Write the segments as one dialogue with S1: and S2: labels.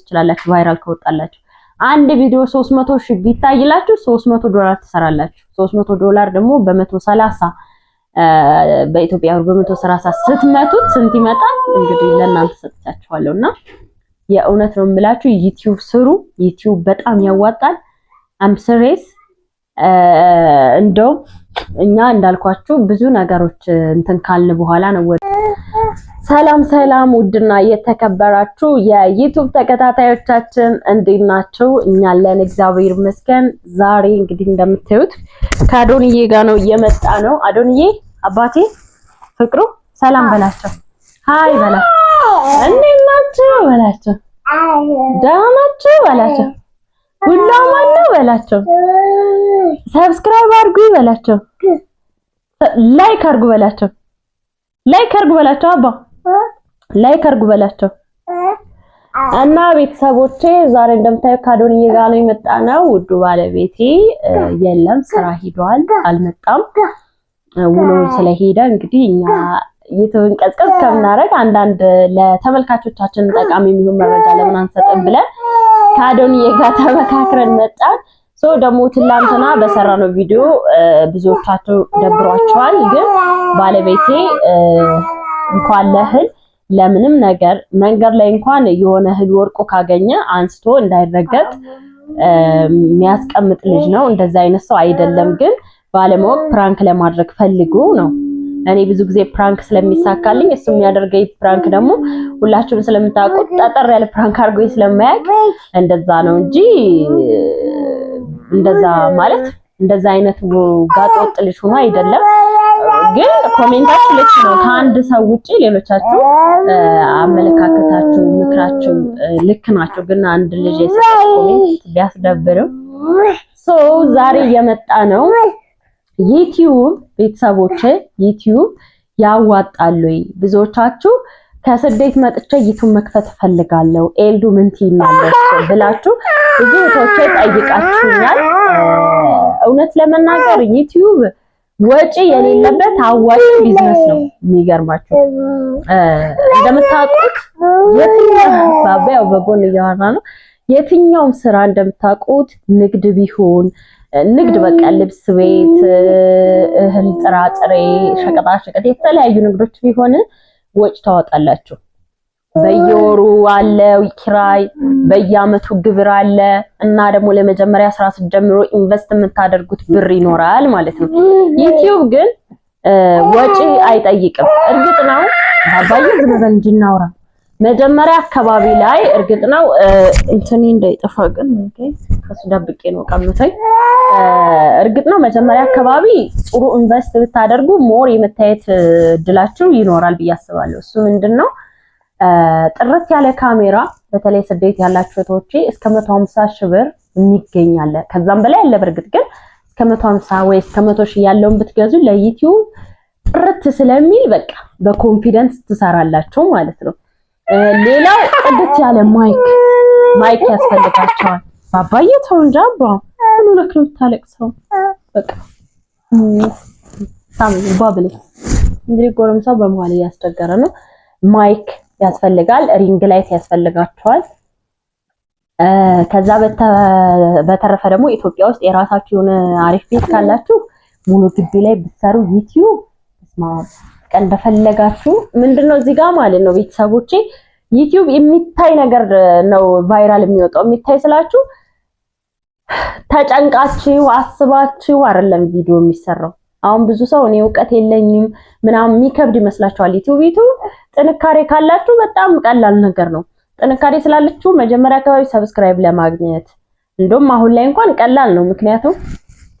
S1: ትችላላችሁ። ቫይራል ከወጣላችሁ አንድ ቪዲዮ 300 ሺህ ቢታይላችሁ 300 ዶላር ትሰራላችሁ። 300 ዶላር ደግሞ በ130 በኢትዮጵያ ብር በ130 ስትመቱት ስንት ይመጣል? እንግዲህ ለእናንተ ሰጥቻችኋለሁና የእውነት ነው የምላችሁ። ዩቲዩብ ስሩ። ዩቲዩብ በጣም ያዋጣል። አም ስሬስ እንደው እኛ እንዳልኳችሁ ብዙ ነገሮች እንትን ካልን በኋላ ነው ሰላም ሰላም ውድና የተከበራችሁ የዩቱብ ተከታታዮቻችን እንዴት ናችሁ? እኛለን እግዚአብሔር ይመስገን። ዛሬ እንግዲህ እንደምታዩት ከአዶንዬ ጋር ነው እየመጣ ነው። አዶንዬ አባቴ ፍቅሩ ሰላም በላቸው፣ ሀይ በላ፣ እንዴት ናችሁ በላቸው፣ ደህና ናችሁ በላቸው፣ ሁላም አለ በላቸው፣ ሰብስክራይብ አድርጉ በላቸው፣ ላይክ አድርጉ በላቸው፣ ላይክ አድርጉ በላቸው አባ ላይክ አድርጉ በላቸው እና ቤተሰቦቼ ዛሬ እንደምታዩ ካዶን ነው የመጣ ነው። ውዱ ባለቤቴ የለም ስራ ሂዷል፣ አልመጣም ውሎ ስለሄደ እንግዲህ እኛ ዩቲዩብን ቀዝቀዝ ከምናደርግ አንዳንድ ለተመልካቾቻችን ጠቃሚ የሚሆን መረጃ ለምን አንሰጥም ብለን ከአዶንዬ ጋር ተመካክረን መጣን። ሶ ደግሞ ትላንትና በሰራነው ቪዲዮ ብዙዎቻቸው ደብሯቸዋል። ግን ባለቤቴ እንኳን ለእህል ለምንም ነገር መንገድ ላይ እንኳን የሆነ እህል ወርቆ ካገኘ አንስቶ እንዳይረገጥ የሚያስቀምጥ ልጅ ነው። እንደዛ አይነት ሰው አይደለም። ግን ባለማወቅ ፕራንክ ለማድረግ ፈልጉ ነው። እኔ ብዙ ጊዜ ፕራንክ ስለሚሳካልኝ እሱ የሚያደርገኝ ፕራንክ ደግሞ ሁላችሁም ስለምታውቁት ጠጠር ያለ ፕራንክ አድርጎኝ ስለማያውቅ እንደዛ ነው እንጂ እንደዛ ማለት እንደዛ አይነት ጋጠወጥ ልጅ ሆኖ አይደለም። ግን ኮሜንታችሁ ልክ ነው። ከአንድ ሰው ውጪ ሌሎቻችሁ አመለካከታችሁ፣ ምክራችሁ ልክ ናቸው። ግን አንድ ልጅ የሰጠው ኮሜንት ቢያስደብርም ሶ ዛሬ የመጣ ነው ዩቲዩብ ቤተሰቦች ዩቲዩብ ያዋጣሉ። ብዙዎቻችሁ ከስደት መጥቼ ዩቲዩብ መክፈት እፈልጋለሁ ኤልዱ ምን ትይናለሽ ብላችሁ ብዙ እህቶቼ ጠይቃችሁኛል። እውነት ለመናገር ዩቲዩብ ወጪ የሌለበት አዋጭ ቢዝነስ ነው። የሚገርማችሁ እንደምታውቁት የትኛው ባባያው በጎን እያወራ ነው። የትኛውም ስራ እንደምታውቁት ንግድ ቢሆን ንግድ በቃ ልብስ ቤት፣ እህል፣ ጥራጥሬ፣ ሸቀጣ ሸቀጥ የተለያዩ ንግዶች ቢሆን ወጪ ታወጣላችሁ። በየወሩ አለ ኪራይ፣ በየአመቱ ግብር አለ እና ደግሞ ለመጀመሪያ ስራ ስትጀምሩ ኢንቨስት የምታደርጉት ብር ይኖራል ማለት ነው። ዩቲዩብ ግን ወጪ አይጠይቅም። እርግጥ ነው ባባዬ፣ ዝም ብለን መጀመሪያ አካባቢ ላይ እርግጥ ነው እንትኔ እንዳይጠፋ ግን ከሱ ደብቄ ነው ቀምተኝ። እርግጥ ነው መጀመሪያ አካባቢ ጥሩ ኢንቨስት ብታደርጉ ሞር የመታየት እድላችሁ ይኖራል ብዬ አስባለሁ። እሱ ምንድን ነው ጥርት ያለ ካሜራ በተለይ ስደት ያላችሁ እህቶቼ እስከ 150 ሺህ ብር የሚገኛለ ከዛም በላይ ያለ በርግጥ ግን እስከ 150 ወይ እስከ 100 ሺህ ያለውን ብትገዙ ለዩቲዩብ ጥርት ስለሚል በቃ በኮንፊደንስ ትሰራላችሁ ማለት ነው። ሌላው ጥርት ያለ ማይክ ማይክ ያስፈልጋቸዋል። ባባዬ ተው እንጂ አባ ምን ሆነክ ነው የምታለቅሰው? በቃ ሳም ባብለ እንግዲህ ጎረምሳው በመሃል እያስቸገረ ነው ማይክ ያስፈልጋል። ሪንግ ላይት ያስፈልጋቸዋል። ከዛ በተረፈ ደግሞ ኢትዮጵያ ውስጥ የራሳችሁን አሪፍ ቤት ካላችሁ ሙሉ ግቢ ላይ ብትሰሩ ዩቲዩብ ቀን እንደፈለጋችሁ ምንድነው እዚህ ጋር ማለት ነው ቤተሰቦቼ፣ ዩቲዩብ የሚታይ ነገር ነው ቫይራል የሚወጣው የሚታይ ስላችሁ ተጨንቃችሁ አስባችሁ አይደለም ቪዲዮ የሚሰራው አሁን ብዙ ሰው እኔ እውቀት የለኝም ምናምን የሚከብድ ይመስላችኋል። ዩቲዩብ ጥንካሬ ካላችሁ በጣም ቀላል ነገር ነው። ጥንካሬ ስላለችሁ መጀመሪያ አካባቢ ሰብስክራይብ ለማግኘት እንደውም አሁን ላይ እንኳን ቀላል ነው። ምክንያቱም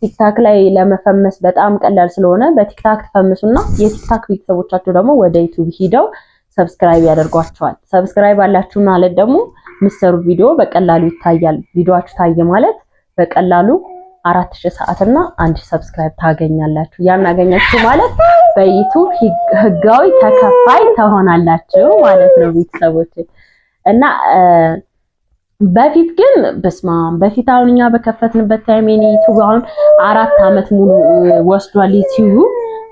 S1: ቲክታክ ላይ ለመፈመስ በጣም ቀላል ስለሆነ በቲክታክ ትፈምሱና የቲክታክ ቤተሰቦቻችሁ ደግሞ ወደ ዩቲዩብ ሂደው ሰብስክራይብ ያደርጓቸዋል። ሰብስክራይብ አላችሁ ማለት ደግሞ ምሰሩ ቪዲዮ በቀላሉ ይታያል። ቪዲዮአችሁ ታየ ማለት በቀላሉ አራት ሺህ ሰዓት እና አንድ ሺህ ሰብስክራይብ ታገኛላችሁ። ያን አገኛችሁ ማለት በዩቱብ ህጋዊ ተከፋይ ትሆናላችሁ ማለት ነው ቤተሰቦች እና በፊት ግን በስማም በፊት አሁን እኛ በከፈትንበት ታይም የኔ ዩቲዩብ አሁን አራት አመት ሙሉ ወስዷል። ዩቲዩብ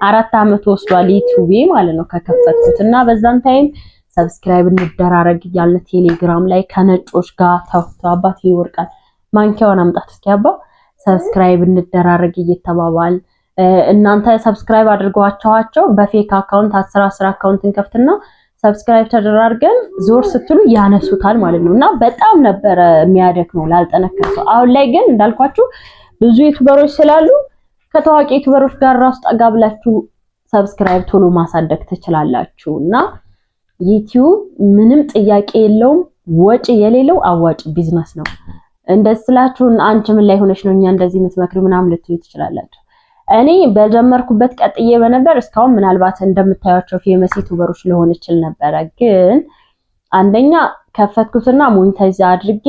S1: አራት አመት ወስዷል ዩቲዩብ ማለት ነው ከከፈትኩት እና በዛን ታይም ሰብስክራይብ እንደራረግ እያልን ቴሌግራም ላይ ከነጮች ጋር ተውቶ አባት ይወርቃል። ማንኪያውን አምጣት እስኪ አባ ሰብስክራይብ እንደራረግ እየተባባል እናንተ ሰብስክራይብ አድርጓቸዋቸው በፌክ አካውንት አስር አስር አካውንት እንከፍትና ሰብስክራይብ ተደራርገን ዞር ስትሉ ያነሱታል ማለት ነው። እና በጣም ነበረ ነው ላልጠነከር ሰው። አሁን ላይ ግን እንዳልኳችሁ ብዙ ዩቱበሮች ስላሉ ከታዋቂ ዩቱበሮች ጋር ራሱ ጠጋ ብላችሁ ሰብስክራይብ ቶሎ ማሳደግ ትችላላችሁ። እና ዩቲዩብ ምንም ጥያቄ የለውም፣ ወጪ የሌለው አዋጭ ቢዝነስ ነው። እንደዚህ ስላችሁ አንቺ ምን ላይ ሆነሽ ነው እኛ እንደዚህ የምትመክሪ ምናምን ልትዩ ትችላላችሁ። እኔ በጀመርኩበት ቀጥዬ በነበር እስካሁን ምናልባት እንደምታያቸው ፌመስ ዩቱበሮች ሊሆን ይችል ነበረ። ግን አንደኛ ከፈትኩትና ሞኒታይዝ አድርጌ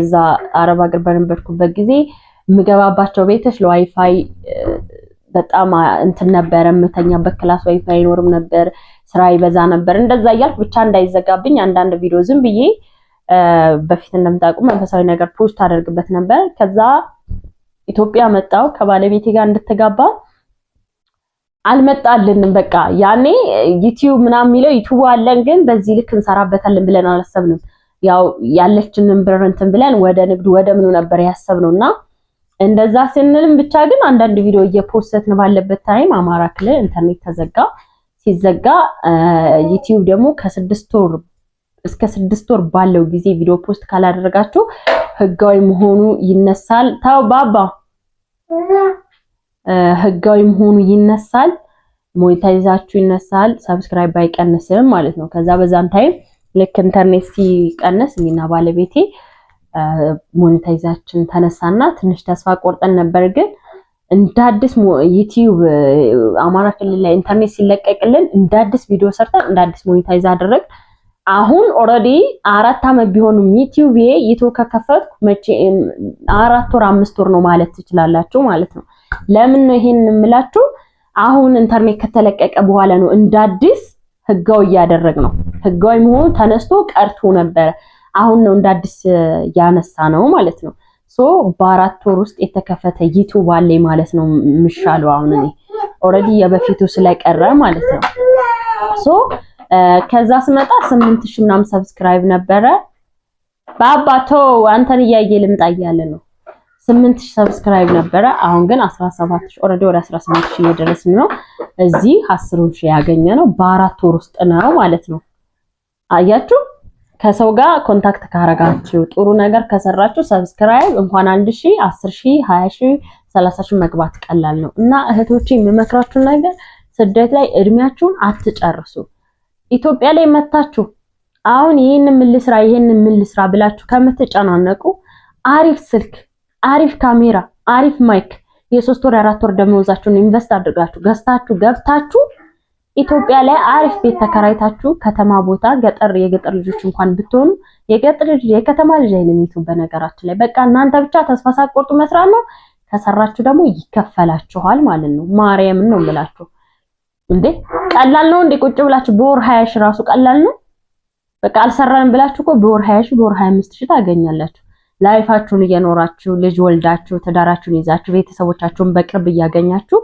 S1: እዛ አረብ ሀገር በነበርኩበት ጊዜ የምገባባቸው ቤቶች ለዋይፋይ በጣም እንትን ነበረ። የምተኛበት ክላስ ዋይፋይ አይኖርም ነበር፣ ስራ ይበዛ ነበር። እንደዛ እያልኩ ብቻ እንዳይዘጋብኝ አንዳንድ ቪዲዮ ዝም ብዬ በፊት እንደምታውቁ መንፈሳዊ ነገር ፖስት አደርግበት ነበር። ከዛ ኢትዮጵያ መጣው ከባለቤቴ ጋር እንድትጋባ አልመጣልንም። በቃ ያኔ ዩቲዩብ ምናምን የሚለው ዩቲዩብ አለን፣ ግን በዚህ ልክ እንሰራበታለን ብለን አላሰብንም። ያው ያለችንን ብር እንትን ብለን ወደ ንግዱ ወደ ምኑ ነበር ያሰብነው እና እንደዛ ስንልም ብቻ ግን አንዳንድ ቪዲዮ እየፖስተትን ባለበት ታይም አማራ ክልል ኢንተርኔት ተዘጋ። ሲዘጋ ዩቲዩብ ደግሞ ከስድስት ወር እስከ ስድስት ወር ባለው ጊዜ ቪዲዮ ፖስት ካላደረጋችሁ ህጋዊ መሆኑ ይነሳል። ታው ባባ ህጋዊ መሆኑ ይነሳል። ሞኔታይዛችሁ ይነሳል። ሰብስክራይብ አይቀንስም ማለት ነው። ከዛ በዛን ታይም ልክ ኢንተርኔት ሲቀንስ እኔና ባለቤቴ ሞኔታይዛችን ተነሳና ትንሽ ተስፋ ቆርጠን ነበር። ግን እንደ አዲስ ዩቲዩብ አማራ ክልል ላይ ኢንተርኔት ሲለቀቅልን እንደ አዲስ ቪዲዮ ሰርተን እንደ አዲስ ሞኔታይዝ አደረግ አሁን ኦልሬዲ አራት አመት ቢሆንም ዩቲዩብ ዩቲዩብ ከከፈትኩ መቼ አራት ወር አምስት ወር ነው ማለት ትችላላችሁ ማለት ነው። ለምን ነው ይሄን የምላችሁ? አሁን ኢንተርኔት ከተለቀቀ በኋላ ነው እንደ አዲስ ህጋዊ እያደረግ ነው። ህጋዊ መሆኑ ተነስቶ ቀርቶ ነበረ። አሁን ነው እንደ አዲስ ያነሳ ነው ማለት ነው። ሶ በአራት ወር ውስጥ የተከፈተ ዩቲዩብ አለኝ ማለት ነው የምሻለው አሁን እኔ ኦልሬዲ የበፊቱ ስለቀረ ማለት ነው ሶ ከዛ ስመጣ ስምንት ሺህ ምናምን ሰብስክራይብ ነበረ። በአባቶ አንተን ያየ ልምጣ እያለ ነው። ስምንት ሰብስክራይብ ነበረ። አሁን ግን 17 ሺህ ወደ 18 ሺህ እየደረስን ነው። እዚህ 10 ያገኘ ነው በአራት ወር ውስጥ ነው ማለት ነው። አያችሁ ከሰው ጋር ኮንታክት ካረጋችሁ ጥሩ ነገር ከሰራችሁ ሰብስክራይብ እንኳን አንድ ሺ አስር ሺ ሀያ ሺ መግባት ቀላል ነው እና እህቶቼ የምመክራችሁ ነገር ስደት ላይ እድሜያችሁን አትጨርሱ። ኢትዮጵያ ላይ መታችሁ አሁን ይሄን ምን ልስራ ይሄን ምን ልስራ ብላችሁ ከምትጨናነቁ አሪፍ ስልክ፣ አሪፍ ካሜራ፣ አሪፍ ማይክ የሶስት ወር አራት ወር ደመወዛችሁን ኢንቨስት አድርጋችሁ ገዝታችሁ ገብታችሁ ኢትዮጵያ ላይ አሪፍ ቤት ተከራይታችሁ ከተማ ቦታ ገጠር የገጠር ልጆች እንኳን ብትሆኑ የገጠር ልጅ የከተማ ልጅ አይደለም። በነገራችን ላይ በቃ እናንተ ብቻ ተስፋ ሳትቆርጡ መስራት ነው። ከሰራችሁ ደግሞ ይከፈላችኋል ማለት ነው። ማርያምን ነው የምላችሁ። እንዴ ቀላል ነው እንዴ? ቁጭ ብላችሁ በወር 20 ሺህ ራሱ ቀላል ነው። በቃ አልሰራንም ብላችሁ እኮ በወር 20 ሺህ በወር 25 ሺህ ታገኛላችሁ። ላይፋችሁን እየኖራችሁ ልጅ ወልዳችሁ ትዳራችሁን ይዛችሁ ቤተሰቦቻችሁን በቅርብ እያገኛችሁ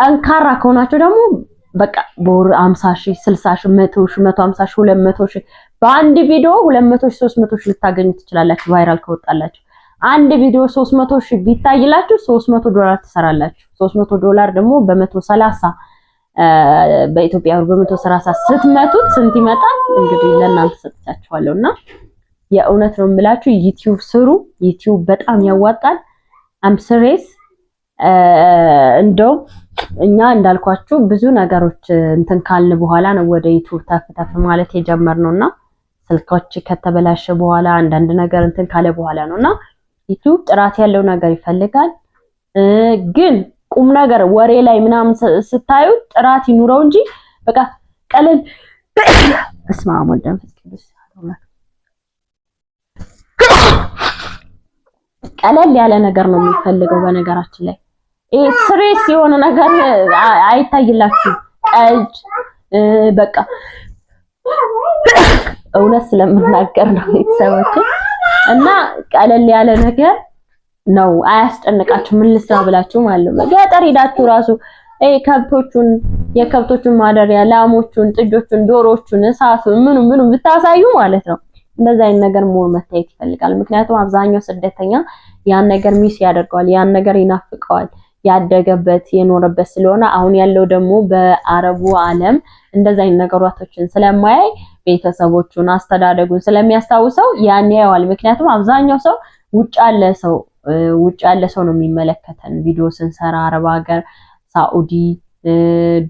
S1: ጠንካራ ከሆናችሁ ደግሞ በቃ በወር 50 ሺህ 60 ሺህ 100 ሺህ 150 ሺህ 200 ሺህ በአንድ ቪዲዮ 200 ሺህ 300 ሺህ ልታገኙ ትችላላችሁ። ቫይራል ከወጣላችሁ አንድ ቪዲዮ 300 ሺህ ቢታይላችሁ 300 ዶላር ትሰራላችሁ። 300 ዶላር ደግሞ በ130 በኢትዮጵያ ብር በመቶ ሰላሳ ስትመቱት ስንት ይመጣል? እንግዲህ ለእናንተ ሰጥቻችኋለሁ እና የእውነት ነው የምላችሁ ዩቲዩብ ስሩ። ዩቲዩብ በጣም ያዋጣል። አምስሬስ እንደው እኛ እንዳልኳችሁ ብዙ ነገሮች እንትን ካልን በኋላ ነው ወደ ዩቲዩብ ተፍ ተፍ ማለት የጀመርነው እና ስልኮች ከተበላሸ በኋላ አንዳንድ ነገር እንትን ካለ በኋላ ነው እና ዩቲዩብ ጥራት ያለው ነገር ይፈልጋል ግን ቁም ነገር ወሬ ላይ ምናምን ስታዩት ጥራት ይኑረው እንጂ በቃ ቀለል እስማ ወደም ቀለል ያለ ነገር ነው የሚፈልገው። በነገራችን ላይ ይሄ ስሬስ የሆነ ነገር አይታይላችሁ። ቀጅ፣ በቃ እውነት ስለምናገር ነው ቤተሰቦቼ እና ቀለል ያለ ነገር ነው አያስጨንቃችሁ። ምን ልስራ ብላችሁ ማለት ነው። ገጠር ሄዳችሁ ራሱ ከብቶቹን የከብቶቹን ማደሪያ ላሞቹን፣ ጥጆቹን፣ ዶሮቹን፣ እሳቱ ምኑ ምኑ ብታሳዩ ማለት ነው። እንደዛ አይነት ነገር ሞር መታየት ይፈልጋል። ምክንያቱም አብዛኛው ስደተኛ ያን ነገር ሚስ ያደርገዋል፣ ያን ነገር ይናፍቀዋል ያደገበት የኖረበት ስለሆነ አሁን ያለው ደግሞ በአረቡ ዓለም እንደዛ አይነት ነገሮችን ስለማያይ ቤተሰቦቹን አስተዳደጉን ስለሚያስታውሰው ያን ያየዋል። ምክንያቱም አብዛኛው ሰው ውጭ አለ ሰው ውጭ ያለ ሰው ነው የሚመለከተን። ቪዲዮ ስንሰራ አረብ ሀገር፣ ሳኡዲ፣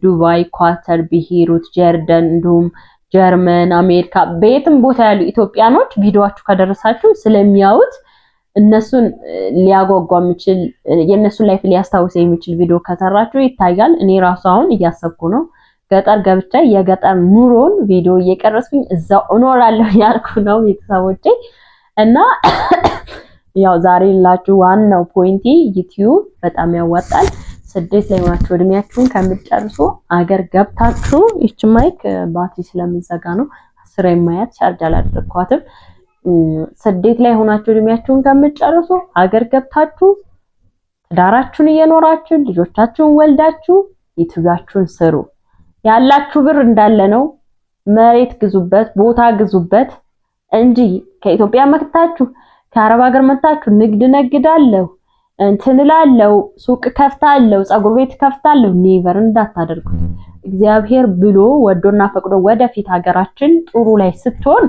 S1: ዱባይ፣ ኳተር፣ ቢሄሩት፣ ጀርደን እንዲሁም ጀርመን፣ አሜሪካ በየትም ቦታ ያሉ ኢትዮጵያኖች ቪዲዮችሁ ከደረሳችሁ ስለሚያዩት እነሱን ሊያጓጓ የሚችል የእነሱን ላይፍ ሊያስታውስ የሚችል ቪዲዮ ከሰራችሁ ይታያል። እኔ ራሱ አሁን እያሰብኩ ነው ገጠር ገብቻ የገጠር ኑሮን ቪዲዮ እየቀረስኩኝ እዛው እኖራለሁ ያልኩ ነው ቤተሰቦቼ እና ያው ዛሬ ላችሁ ዋናው ፖይንቲ ዩቲዩብ በጣም ያዋጣል። ስደት ላይ ሆናችሁ እድሜያችሁን ከምትጨርሱ አገር ገብታችሁ ይች ማይክ ባትሪ ስለምዘጋ ነው አስር የማያት ቻርጅ አላደረኳትም። ስደት ላይ ሆናችሁ እድሜያችሁን ከምትጨርሱ አገር ገብታችሁ ትዳራችሁን እየኖራችሁ ልጆቻችሁን ወልዳችሁ ዩቲዩባችሁን ስሩ። ያላችሁ ብር እንዳለ ነው። መሬት ግዙበት፣ ቦታ ግዙበት እንጂ ከኢትዮጵያ መክታችሁ ከአረብ ሀገር መታችሁ ንግድ ነግዳለሁ እንትን እላለሁ፣ ሱቅ ከፍታለሁ፣ ፀጉር ቤት ከፍታለሁ፣ ኔቨር እንዳታደርጉት። እግዚአብሔር ብሎ ወዶና ፈቅዶ ወደፊት ሀገራችን ጥሩ ላይ ስትሆን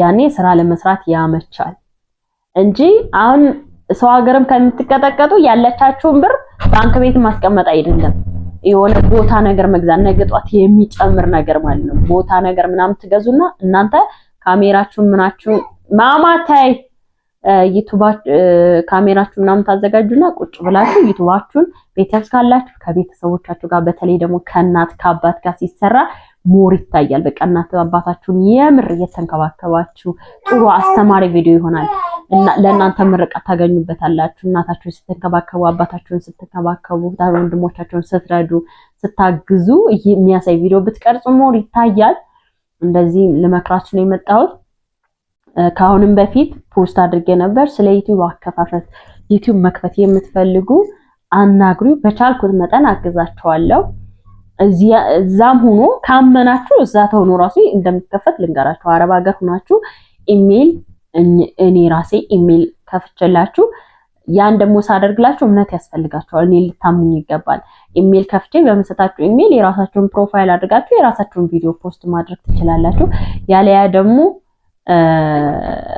S1: ያኔ ስራ ለመስራት ያመቻል እንጂ አሁን ሰው ሀገርም ከምትቀጠቀጡ ያለቻችሁን ብር ባንክ ቤት ማስቀመጥ አይደለም የሆነ ቦታ ነገር መግዛት ነገ ጧት የሚጨምር ነገር ማለት ነው። ቦታ ነገር ምናምን ትገዙና እናንተ ካሜራችሁን ምናችሁ ማማታይ ዩቱባችሁ ካሜራችሁ ምናምን ታዘጋጁና ቁጭ ብላችሁ ዩቱባችሁን ቤተሰብ ካላችሁ ከቤተሰቦቻችሁ ጋር በተለይ ደግሞ ከእናት ከአባት ጋር ሲሰራ ሞር ይታያል። በቃ እናት አባታችሁን የምር እየተንከባከባችሁ ጥሩ አስተማሪ ቪዲዮ ይሆናል። ለእናንተ ምርቃ ታገኙበታላችሁ። እናታችሁን ስትንከባከቡ፣ አባታችሁን ስትንከባከቡ፣ ወንድሞቻችሁን ስትረዱ፣ ስታግዙ የሚያሳይ ቪዲዮ ብትቀርጹ ሞር ይታያል። እንደዚህ ልመክራችሁ ነው የመጣሁት። ከአሁንም በፊት ፖስት አድርጌ ነበር ስለ ዩቲዩብ አከፋፈት ዩቲዩብ መክፈት የምትፈልጉ አናግሩ፣ በቻልኩት መጠን አግዛቸዋለሁ። እዛም ሆኖ ካመናችሁ እዛ ተሆኖ ራሱ እንደምትከፈት ልንገራችሁ። አረብ ሀገር ሆናችሁ ኢሜል እኔ ራሴ ኢሜል ከፍቼላችሁ ያን ደግሞ ሳደርግላችሁ እምነት ያስፈልጋቸዋል። እኔ ልታምኝ ይገባል። ኢሜል ከፍቼ በመሰጣችሁ ኢሜል የራሳችሁን ፕሮፋይል አድርጋችሁ የራሳችሁን ቪዲዮ ፖስት ማድረግ ትችላላችሁ። ያለያ ደግሞ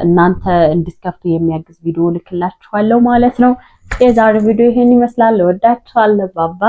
S1: እናንተ እንድትከፍቱ የሚያግዝ ቪዲዮ ልክላችኋለሁ ማለት ነው። የዛሬ ቪዲዮ ይሄን ይመስላል። ወዳችኋለሁ። ባባ